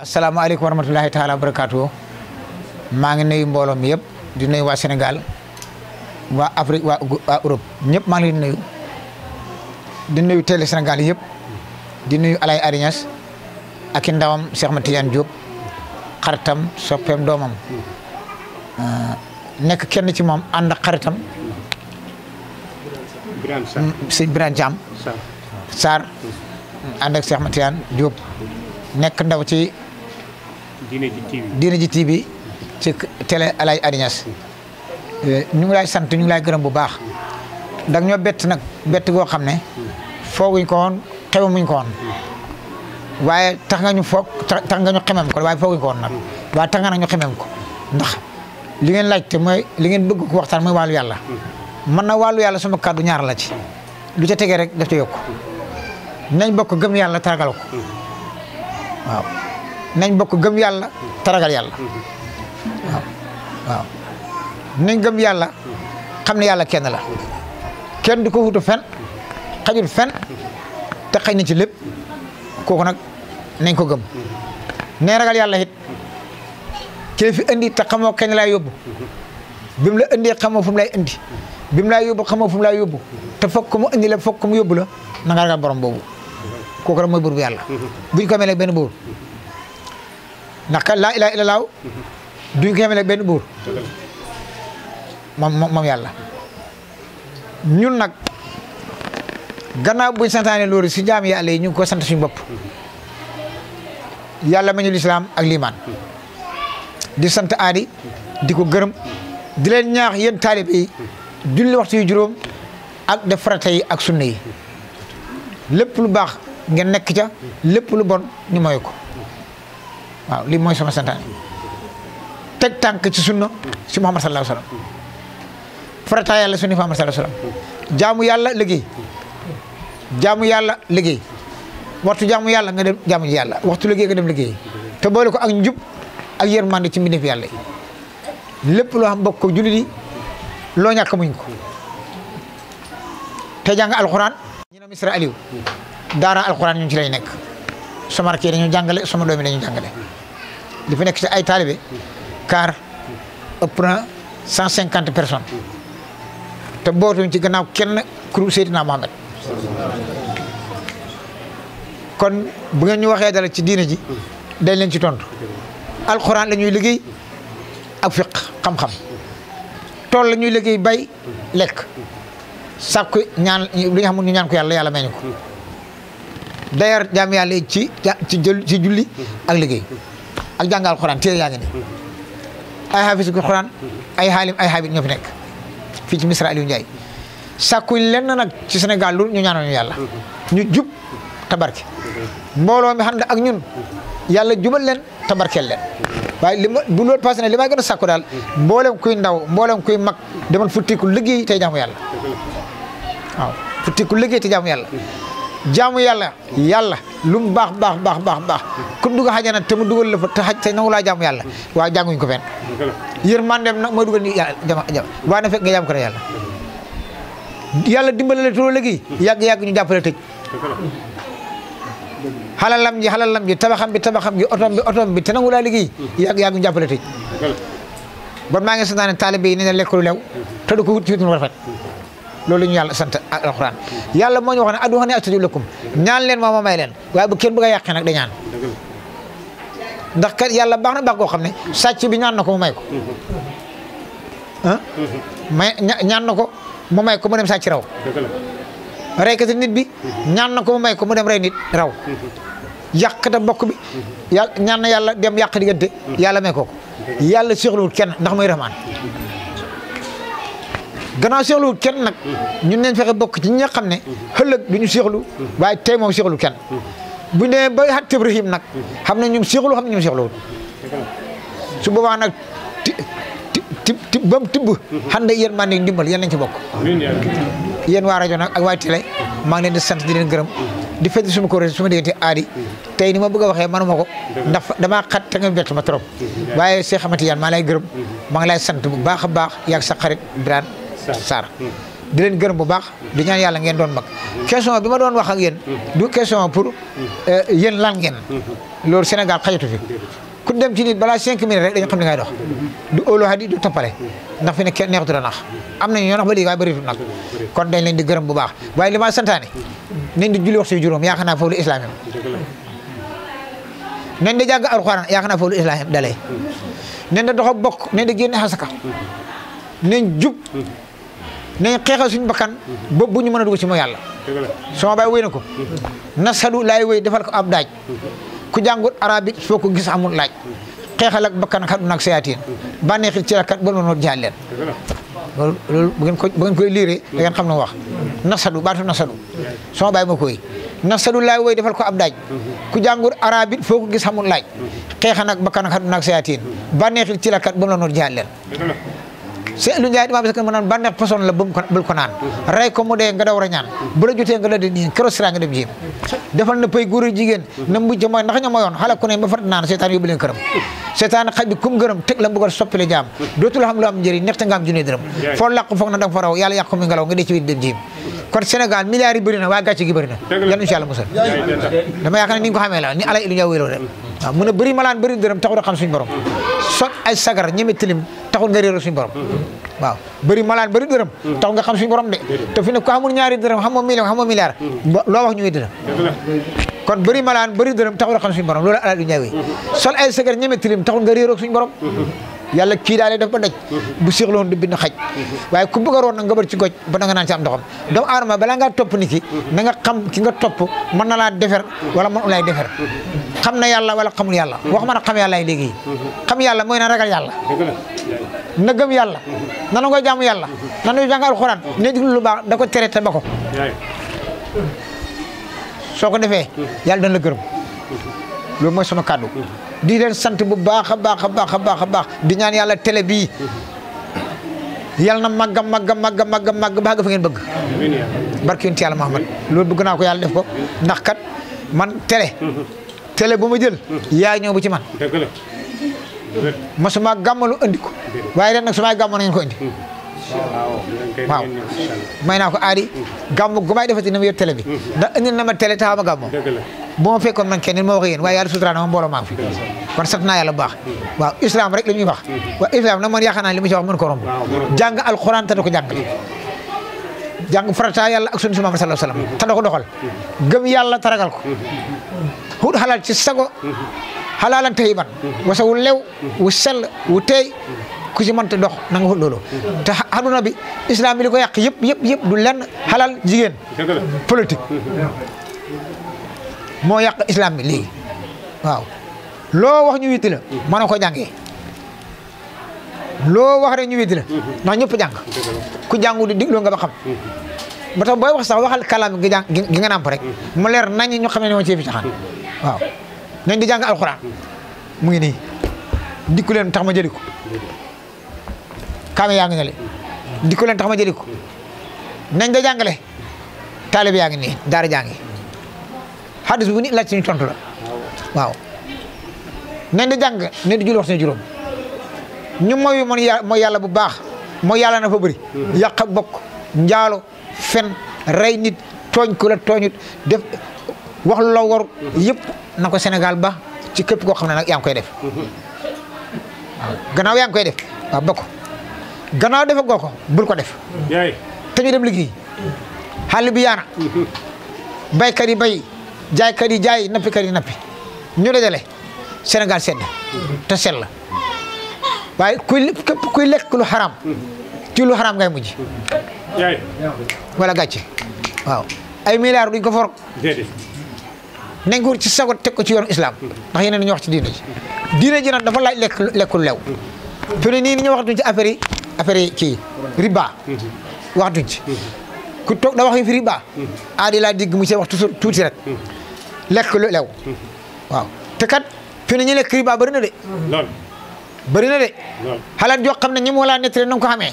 Assalamualaikum warahmatullahi taala wabarakatuh. barakaatu ngi nuyu mbolom yeb di nuyu wa senegal wa Afrique wa, waa Europe ñep maa ngi leen nuyu di nuyu tele senegal yeb di nuyu Alay arignas ak ndawam Cheikh Mate diop xartam xaritam domam euh nek kenn ci mom and xartam xaritam. Birane Sarr mm, Sar Birane Cheikh Matiane Diop nek ndaw ci. diine ji TV ci télé El Hadj Adi ñu ngi laay sant ñu ngi laay gërëm bu baax danga ñoo bett nag bett goo xam ne fooguñ ko woon xewumuñ ko woon waaye tax nga ñu foog tax nga ñu xemem ko waaye fooguñ ko woon nag waaye tax nga nag ñu xemem ko ndax li ngeen laajte mooy li ngeen bëgg ko waxtaan mooy wàllu yàlla man na wàllu yàlla sama kàddu ñaar la ci lu ca tegee rek daf ca yokk nañ bokk gëm yàlla taragal ko nañ bokk gëm yàlla te ragal yàlla nañ gëm yàlla xam ne yàlla kenn la kenn du ko wutu fen xajul fen te xaj na ci lépp kooku nag nañ ko gëm ne ragal yàlla it kii fi indi te xamoo kenn laa yóbbu bi mu la indee xamoo fu mu lay indi bi mu laa yóbbu xamoo fu mu laa yóbbu te fokk mu indi la fokk mu yóbbu la na nga ragal borom boobu kooku rek mooy buur yàlla buñ ko melee benn buur ndax kat laa ilaaha illallaah duñ ko yemale benn buur moom moom yàlla ñun nag gannaaw buñ santaane loolu si jaam yàlla yi ñu ngi ko sant suñu bopp yàlla ma ñu ak liimaan di sant aadi di ko gërëm di leen ñaax yéen taalibe yi julli waxtu yu juróom ak def farata ak sunna yi lépp lu baax ngeen nekk ca lépp lu bon ñu moy ko waaw lii mooy sama santaane teg tànk ci sunna si Muhammad sallallahu alayhi wasallam farata yàlla sunni Muhammad sallallahu alayhi wasallam jaamu yàlla liggéey jaamu yàlla liggéey waxtu jaamu yàlla nga dem jaamu ji yàlla waxtu liggéey nga dem liggéey te boole ko ak njub ak yërmande ci mbindeef yàlla lépp loo xam bokk ko jullit yi loo ñàkk muñ ko te jàng alxuraan ñu ne Misra Aliou daara alxuraan ñu ci lay nekk sama rakk yi dañu jàngale sama doomi yi dañu jàngale li fi nekk ci ay taalibe car ëpp cent cinquante personnes te bootuñ ci gannaaw kenn kuru Seydina Mohamed kon bu ngeen ñu waxee dara ci diine ji dañ leen ci tontu alxuraan la ñuy liggéey ak fiq xam-xam tool la ñuy liggéey bay lekk sàkku ñaan lu ñu xamul ñu ñaan ko yàlla yàlla may ñu ko d'ailleurs jaam yàlla ci ci jël ci julli ak liggéey ak jàngal xuraan téere yaa ngi ne ay xaafis ku ay xaalim ay xaabit ñoo fi nekk fii ci Misra Aliou Ndiaye sàkkuñ lenn nag ci Sénégal lu ñu ñaanal ñu yàlla ñu jub te barke mbooloo mi xam ne ak ñun yàlla jubal leen te barkeel leen waaye li ma bu loolu passé ne li may gën a sàkku daal mboolem kuy ndaw mboolem kuy mag demal futtiku liggéey tey jaamu yàlla waaw futtiku liggéey tey jaamu yàlla jaamu yàlla yàlla lu mu baax baax baax baax baax ku dugg xajana te mu dugal la fa te xaj te nangu laa jaamu yàlla waaye jànguñ ko man yërmandeem nag mooy dugal ni jama jama waaye na fe nga jaamu ko ne yàlla yàlla dimbale la turoo léegi yàgg-yàgg ñu jàppale tëj xalalam ji xalalam ji tabaxam bi tabaxam bi otom bi otom bi te nangu laa liggéey yàgg-yàgg ñu jàppale tëj ba maa ngi santaane taalibe yi ne lekk lu lew te du ko wut ci wut mu rafet loolu ñu yàlla sant ak alxuraan yàlla moo ñu wax ne ud'uunii astajib lakum ñaan leen moo ma may leen waaye bu kenn bëgg a yàqee nag ñaan ndax kat yàlla baax na baax goo xam ne sàcc bi ñaan na ko mu may ko ah ñaan na ko mu may ko mu dem sàcc raw reykati nit bi ñaan na ko mu may ko mu dem rey nit raw yàqata mbokk bi yàlla ñaan na yàlla dem yàq diggante yàlla may ko ko yàlla séexluwul kenn ndax muy rahmaan gannaaw seexluwut kenn nag ñun nañ fexe bokk ci ñi xam ne ëllëg du ñu seexlu waaye tey moom seexlu kenn bu ñu demee ba xat Ibrahim nag xam ne ñum seexlu xam ne ñum seexluwut su boobaa nag ti ti ti bam tibb xande yéen maa nekk ndimbal nañ ci bokk yéen waa rajo nag ak waa télé maa ngi leen di sant di leen gërëm di fedd suñu ko su ma diggante aadi tey ni ma bëgg waxee manuma ko ndax damaa xat te nga bett ma trop waaye Cheikh Amati Yane maa lay gërëm maa ngi lay sant bu baax a baax yaag sa xarit Birane sar di len gërëm bu baax di ñaan yalla ngeen doon mag question bi ma doon wax ak yeen du question pour euh, yeen lan ngeen lor Sénégal xajatu fi ku dem ci nit bala cinq minutes rek dañu xam ngay dox du olo hadi du topalé ndax fi ne kenn neexatu la nax am nañu ñoo nax ba léegi waaye bëritu nak kon dañ leen di gërëm bu baax way li ma santane nañ di julli wax yu juroom yaakaar naa foofu lu islam nañ di jagg alxuraan yaakaar naa foofu islam dalee nañ di dox bok nañ di genn xasaka nañ jup nañ xeexal suñu bakkan ba bu ñu mën a dugg ci mooy yàlla sama baay woy na ko nasadu laay wéy defal ko ab daaj ku jàngut arabic soo ko gis amul laaj xeexal ak bakkan xat nag ci la kat ba noonu jaal leen loolu loolu bu ngeen ko bu koy liiree da xam na wax nasadu baatu nasadu sama baay ma koy nasadu laay wooy defal ko ab daaj ku jàngur arabit foo ko gis xamul laaj xeexan ak bakkan xat nag sayaatiin bànneexi ci la kat ba leen ñay dama maɓe sokene noon banex poson la bum bul ko naan ray ko mude nga dawra ñaan la jotté nga la ni kero sira nga dem jim defal na pay guri jigen nam bu jëmoy ndax ñama yon xala ku ne ma fat naan setan yobul kërëm setan xajbi kum gërëm tek la mbugal soppile jaam dotul xam lu am jëri nekta nga am june dërëm fo laq fo nga dang faraw yalla yakko mi ngalaw nga de ci wi dem jim kon sénégal milliards yi bëri na wa gàcce gi bari na yal allah musal dama yaakaar ni nga ko la ni ala ilu ñaw wëro rek waaw mun a bëri malaan bëri dërëm taxul a xam suñu borom soog ay sagar ñeme tilim taxul nga réeral suñ borom waaw bëri malaan bari dërëm taxul nga xam suñ borom de te fi ne ko xamul ñaari dërëm xamoo million xamoo milliard loo wax ñu wedd la kon bari malaan bari dërëm taxul a xam suñu borom loolu alal du ñaawee sol ay sagar ñeme tilim taxul nga réeral suñu borom yàlla kii daal daf ko daj bu séexloon du bind xaj waaye ku bëgg a roon nag nga bër ci goj ba da nga naan ci am ndoxam doomu ma bala ngaa topp ni ki nanga nga xam ki nga topp mën na laa defer wala mën ulaay defer xam na yàlla wala xamul yàlla wax ma na xam yàlla ay léegi xam yàlla mooy na ragal yàlla na gëm yàlla na nangoo jaamu yàlla na nangoo jàng alxuraan ne diglu lu baax da ko tere te ba ko soo ko defee yàlla dana la gërëm mooy sama kàddu di leen sant bu baax a baax a baax a baax a baax di ñaan yàlla télé bii yal na màgg a màgg a màgg a màgg a màgg baax nga fa ngeen bëgg barki yonent yàlla Muhammad loolu bëgg naa ko yàlla def ko ndax kat man télé télé bu ma jël yaay ñëw bu ci man masuma gàmmalu andi ko waaye ren nag su maay gàmmo na ngeen ko andi waaw may naa ko aadi gàmm gu may defati na ma yor télé bi ndax indi na ma télé taxaw ma gàmmoo bu ma fekkoon man kenn nit wax yéen waaye yàlla sutura na ma mbooloo maa fi kon sant naa yàlla bu baax waaw islam rek li ñuy wax waaw islam nag man yaakaar naa li mu ci wax mën ko romb jàng alxuraan te da ko jàngale jàng farata yàlla ak sunu si Muhammad sallallahu alayhi wasallam te da ko gëm yàlla te ko xut xalaal ci sago xalaalan tayiban wasa wu lew wu sell wu teey ku ci mënta dox na nga xut loolu te aduna bi islam bi li ko yàq yëpp yëpp yëpp du lenn xalaal jigéen politique Moyak yak islam bi wow. waaw lo wax ñu witi la man ko jangé lo wax rek ñu witi la na ñëpp jang ku jàngu di diglo nga ba xam ba tax boy wax sax waxal kalam gi jàng gi nga nàmp rek mu leer nañ ñu xamé ñoo ci fi taxaan waaw nañ di jang alquran mu ngi ni diku len tax ma jëli ko tax ma nañ da talib xadis bu nit laaj suñu tontu la waaw nañ di jàng ne di julli wax suñu juróom ñu mooyu moon mooy yàlla bu baax mooy yàlla na fa bëri yàq bokk njaalo fen rey nit tooñ ku la tooñut def wax lu la war yëpp na ko Sénégal ba ci képp koo xam ne nag yaa ngi koy def gannaaw yaa ngi koy def waaw bokk gannaaw defa goo bul ko def te ñu dem liggéey xale bi yaana baykat yi bay jaaykat yi jaay nappikat yi nappi ñu dajale Sénégal sedd te sell waaye kuy képp kuy lekk lu xaram ci lu xaram ngay mujj. wala gàcce waaw ay milliards duñ ko for. nañ ko ci sago teg ko ci yoonu islam ndax yeneen ñu wax ci diina ji diina ji nag dafa laaj lekk lekkul lew fi ne nii ni ñu waxatuñ ci affaire yi affaire yi kii riba waxatuñ ci ku toog da wax fi riba aadi laa digg mu see wax tuuti rek lekk lu lew waaw te kat fi ne ñu lekk riba bëri na de bëri na de xalaat yoo xam ne ñi mu walaa nettali na ko xamee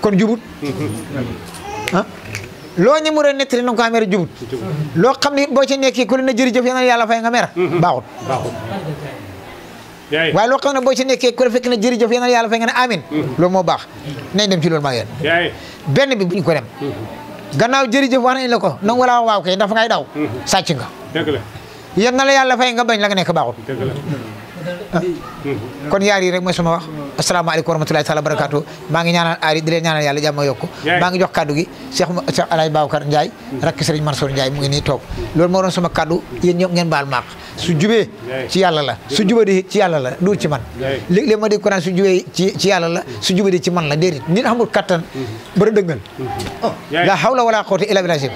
kon jubut ah loo ñi mu re nettali na xamee rek jubut loo xam ne boo ci nekkee ku leen a jërëjëf yéen yàlla fay nga mer mm-hmm. baaxul waaye loo ne boo ci nekkee ku na jërëjëf yéen a yàlla fay nga ne amin mm-hmm. loolu moo baax nañ dem ci loolu maa yéen benn bi buñ ko dem mm-hmm. gannaaw jërëjëf wax nañ la ko nangu laa waaw kay dafa ngay daw mm-hmm. sàcc nga dëgg la yéen na la yàlla fay nga bañ la nga nekk baaxul kon yaari rek mooy sama wax assalamu alaykum warahmatullahi taala wabarakatuh ma ngi ñaanal ari di leen ñaanal yalla jamm yokku ma ngi jox kaddu gi Cheikh Cheikh alay babakar ndjay hmm. rak Serigne Mansour ndjay mu ngi ni tok lool mo ron sama kaddu yeen ñëpp ngeen bal maaq su jubee ci yalla la su di ci yalla la du ci man leg leg ma di quran su jubee ci ci yalla la su di ci man la déedéet nit amul katan hmm. bëre deugal hmm. oh, la hawla wala quwwata illa billah ken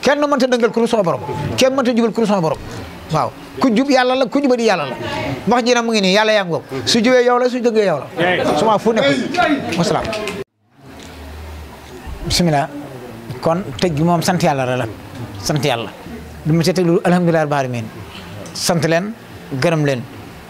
kenn mënta dëngal ku dul sama borom ken mën ta jubal ku dul sama borom waaw ku jub yalla la ku jubadi yalla la wax ji na mu ngi ni yalla yaa ngoog su jubee yow la su dëggee yow la suma fu nekk wasalaam bismillah kon tej gi moom sant la sante yalla yàlla ci teglu alhamdullilah alhamdulilah rabbil alamin sant len gërëm leen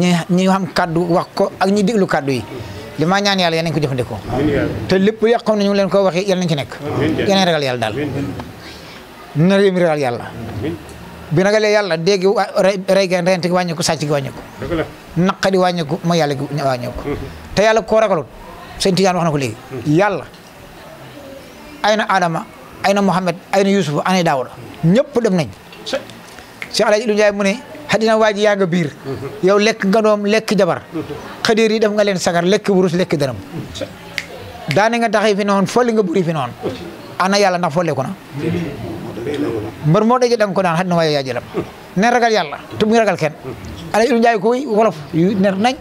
ñi ñi xam kaddu wax ko ak ñi déglu kaddu yi lima ñaan yalla yeen ko jëfandikoo te lepp lu yàqoon nañu leen ko waxe yalla nañu ci nekk yeen ragal yalla dal na ragal yalla bi ragalee yàlla dégg rey geen rent gi wàññeeku sàcc gi wàññeeku naqadi wàññeeku mooy yàlla gi wàññeeku mm-hmm. te yàlla koo ragalul sëñ Tijaan wax na ko léegi mm-hmm. yàlla ay na Adama ay na Muhammad ay na Yuusufa ay na Daawuda ñëpp dem nañ Cheikh Alaaji Ilu jaay mu ne xadina waa ji yaa nga biir mm-hmm. yow lekk nga doom lekk jabar xadiir yi def nga leen sagar lekk wurus lekk dërëm daana nga taxi fi noonu folli nga buri fi noonu ana yàlla ndax folleeku na mbër moo daje da nga ko naan xaj na waaye yaa jëlam nen ragal yàlla te muy ragal kenn ala ilu njaay koy wolof yu ner nañ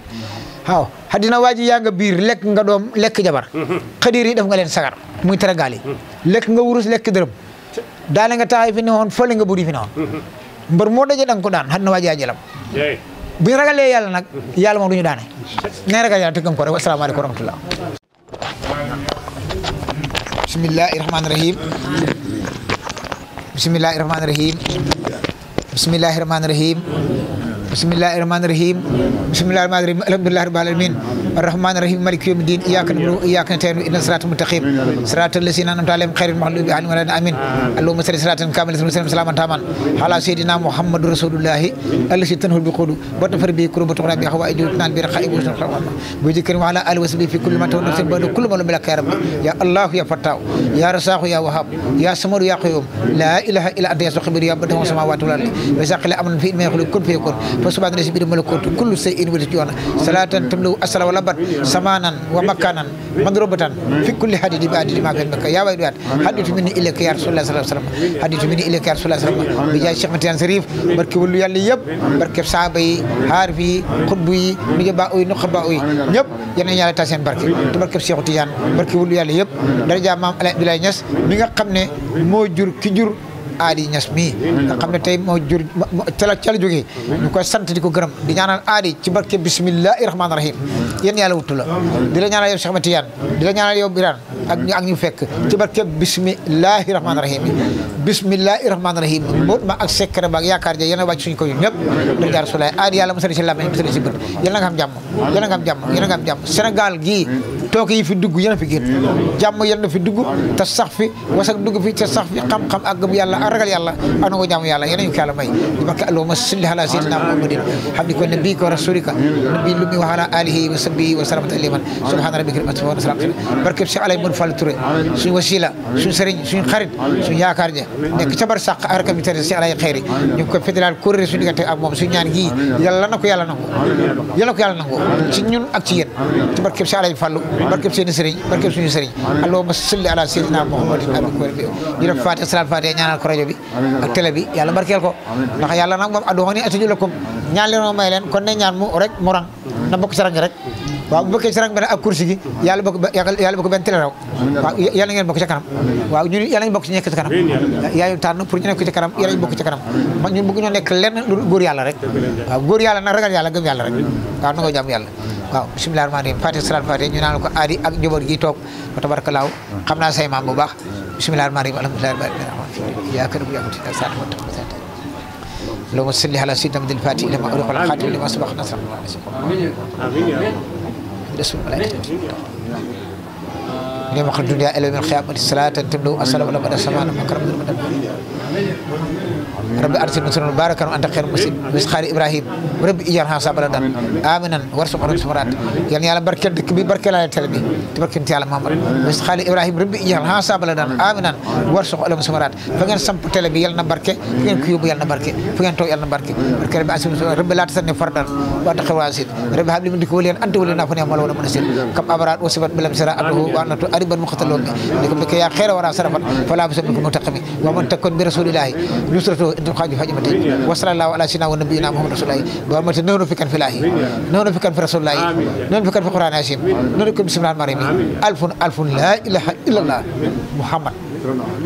waaw xadina waa yaa nga biir lekk nga doom lekk jabar xadiir yi def nga leen sagar muy teragaal yi lekk nga wurus lekk dërëm daane nga taxay fi ne woon fële nga buri fi ne woon mbër moo daje da nga ko daan xaj na waaji yaa jëlam bu ñu ragalee yàlla nag yàlla moom du ñu daane nen ragal yàlla tëggam ko rek wa rahmatullah bismillahi rahmaani rahim bisimillahi rahmaani rahim bisimillahi rahmaani rahim bisimillahi rahmaani rahim bisimillahi rahmaani rahim alhamdulillahi rabbil alamin الرحمن الرحيم مالك يوم الدين اياك نعبد واياك نستعين اهدنا الصراط المستقيم صراط الذين انعمت عليهم غير المغضوب عليهم ولا امين اللهم صل صلاه كامله وسلم سلاما تاما على سيدنا محمد رسول الله الذي تنهل بقول وتفر به كرب وتغنى به هواء جوتنا برخاء بذكر وعلى اله وصحبه في كل ما تولى بل كل ما لك يا رب يا الله يا فتاو يا رزاق يا وهاب يا سمر يا قيوم لا اله الا انت يا سخبير يا بدر السماوات والارض وساق الامن في ما يخلق كن فيكون فسبحان الذي بيد ملكوت كل شيء ولد صلاه تملو السلام ربت سمانا ومكانا مضروبة في كل حديد بعدد ما كان مكة يا ويلات حدث مني إليك يا رسول الله صلى الله عليه وسلم حدث مني إليك يا رسول الله صلى الله عليه وسلم بجاي شيخ متيان شريف بركي ولو يالي يب بركي صحابي عارفي خطبي نجباوي نخباوي ñëpp yéen a yàlla tas seen barke te barke Cheikh Tidiane barke wulu yàlla yëpp daraja maam El Hadj Abdoulaye Niass mi nga xam ne moo jur ki jur aadi ñas mii nga xam ne tey moo jur cala cala jógee ñu koy sant di ko gërëm di ñaanal aadi ci barke bismillahi rahmaani rahim yéen yàlla wuttu la di la ñaanal yow Cheikh Ahmed Tidiane di la ñaanal yow Birane ak ñu fekk ci barke bismillahi rahmaani rahim bismillahi rahmaani rahim mbóot ma ak sekkare ba ak yaakaar ja yéen a wàcc suñu ko ñun ñëpp da jaar sulaay aadi yàlla musal ci làmmiñ musal ci bët yéen a nga xam jàmm yéen a nga xam jàmm a gii tooke yi fi dugg yéen fi génn jàmm yéen fi dugg te sax wasak dugg fi te sax fi xam-xam ak gëm yàlla ak ragal yàlla ak nangoo ko yàlla may di bakka allahumma salli ala sayyidina muhammadin habdika wa nabiyyika wa rasulika nabi lumi wa ala alihi wa sahbihi wa sallam wasila suñu sëriñ suñu xarit suñu yaakaar ja nekk ca bar sàq arkam itam si alay xeyri ko fédéral kuréel suñu diggante ak moom suñu ñaan gi yàlla na ko yàlla nangu yàlla nangu ci ñun barkeb seen sëriñ barkeb suñu sëriñ allahumma salli ala sayyidina muhammadin abi ko bi ñu def fatiha salaat fatiha ñaanal ko bi ak télé bi yàlla barkeel ko ndax yàlla nag moom adduxa ni ataju lakum ñaan leen may leen kon ne ñaan mu rek mu rang na bokk ci rek waaw bu bokkee ci rang bi ak kursi gi yàlla bokk yàlla bokk benn télé raw waaw yàlla ngeen bokk ca kanam waaw ñun yàlla ñu bokk ci nekk ca kanam yaa ñu tànn pour ñu nekk ci kanam yàlla ñu bokk ci kanam man ñun bëgg ñoo nekk lenn lu góor yàlla rek waaw góor yàlla nag ragal yàlla gëm yàlla rek waaw nangoo jàmm yàlla waaw bismillah rahmaan rahim fati salaat fati ñu naan ko aadi ak njaboot gi toog fa tabarakallaahu xam naa say maam bu baax bismillah rahmaan rahim alhamdulillahi yaa kër bu yàmati ak saat wa tax اللهم صل على سيدنا محمد الفاتح لما أغلق والخاتم لما سبق نصر الله Bismillahirrahmanirrahim. لما خد الدنيا إلى من الخيام الصلاة تملو السلام على من السماء لما كرم رب أرسل مسلم مباركا وأنت خير مسخار إبراهيم رب إجعلها صبرا آمنا وارزق رب صبرات يعني على بركة كبير بركة لا تلبي تبارك أنت على محمد مسخار إبراهيم رب إجعلها صبرا آمنا وارزق رب صبرات فكان سم تلبي يلنا بركة فكان كيوب يلنا بركة فكان تو يلنا بركة بركة رب أرسل رب لا تسني فردا وأنت خير واسد رب هب لي من دكولي أنت ولينا فني أمال ولا منسل كم أبرار وسبت بلم سرا أبوه وأنا واري بن مختلون لكم لك يا خير ورا سرفا فلا بس منكم متقمي ومن تكن برسول الله نصرته انت خاجي فاجمتي وصلى الله على سيدنا ونبينا محمد رسول الله ومت نور في كان في الله نور في كان في رسول الله نور في كان في القران العظيم نور في بسم الله الرحمن الرحيم الف الف لا اله الا الله محمد